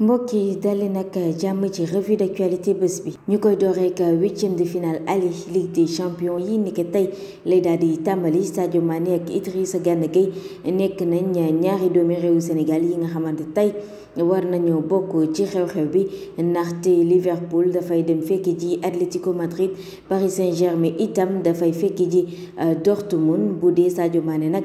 mbokk yi dali nag ci revue d'actualité bés bi ñukoy doré ka 8 huitième de finale Ali Ligue des champions yi ni tay lay daal di tàmbali Sadio Mané ak Idrissa Gana Gueye nekk nañ ñaari doomi réewu Sénégal yi nga xamanté tay war nañu bokk ci xew-xew bi ndaxte Liverpool fay dem fekki ji Atlético Madrid Paris Saint-Germain itam fay fekki ji euh, Dortmund bu dee Sadio Mané nak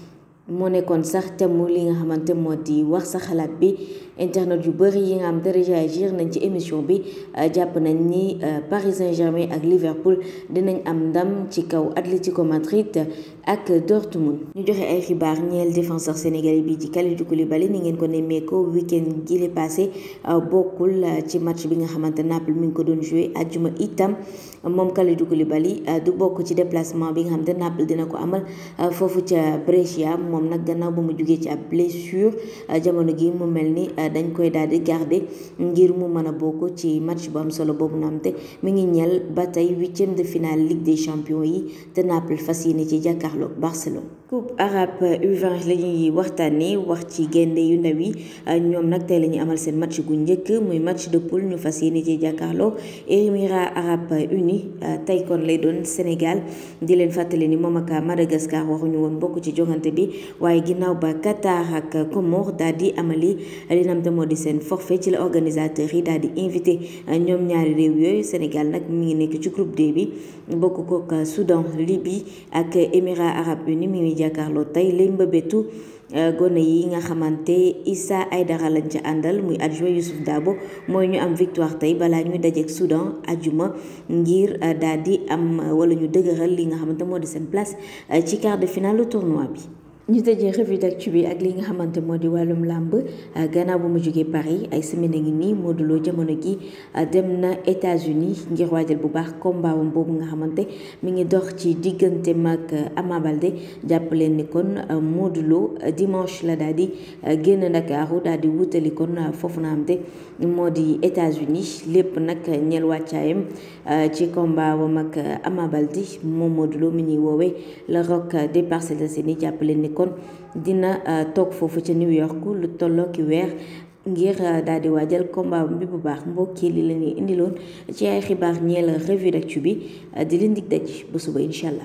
Mon kon sax té mo li nga xamanté modi wax sa xalaat bi internet yu bëri yi nga am te réagir nañ ci émission bi euh, japp nañ ni euh, Paris Saint-Germain ak Liverpool dinañ am ndam ci kaw Atlético Madrid ak Dortmund. ñu joxé ay xibaar ñeel défenseur sénégalais bi ci Kalidou Koulibaly ni ngeen ko nemmeekoo week-end gi passé euh, bokul ci match bi nga xamanté Naples mi ngi ko doon jouer aljuma itam mom Kalidou Koulibaly du bokk ci déplacement bi nga xamanté Naples dina ko amal fofu ci Brescia moom nag gannaaw mu jugee ci ab blessure euh, jamono gi mu melni euh, dañ koy daldi garder ngir mu boko ci match bu am solo bobu namte mi ngi ñal ba 8 huitième de finale Ligue des champions yi te Naples fas ci jàkkaarloog Barcelone. coupe arabe U20 lañuy ñuy wax ci gende yu ndaw yi euh, amal sen match gu ñëk muy match de poule ñu fas ci jàkkaarloo Émirats arabes unis tay kon lay doon Sénégal di leen fàttali ni momaka Madagascar Madagascar ñu won bokk ci bi waaye ginnaaw ba Qatar ak Comores daal di amali li nga moo di seen forfait ci la organisateur yi daal di invité ñoom ñaari réew yooyu Sénégal nag mi ngi nekk ci groupe D bi bokk kook Soudan Libye ak Émirats arabes unis mi ngi jàkkaarloo tey li mbëbëtu euh, gone yi nga xamante Issa Aydara lañ ca àndal muy adjoint Youssouf Dabo mooy ñu am victoire tey balaa ñuy dajeek Soudan ajuma ngir euh, daal di am wala ñu dëgëral li nga xamante moo di seen place euh, ci quart de finale tournoi bi ñu tëjee revue d'actu bi ak li nga xamante moo di wàllum làmb ah, bu mu jógee Paris ay semaine ngi nii Modou Lo jamono gi ah, dem na États-Unis ngir waajal bu baax combat wam boobu nga xamante mi ngi dox ci diggante mag ah, Ama Baldé kon Modou Lo dimanche la dadi di génn Ndakaaru daal di kon foofu na xamante États-Unis lépp nag ñeel wàccaayam ci combat wam ak Ama Baldé moom Modou Lo mi ñuy woowee Rock des Parcelles Assainies dina euh, toog foofu ca New York lu tolloo ki weer ngir euh, daal di waajal combat bi bu baax li la indiloon ci ay revue d'actu bi euh, di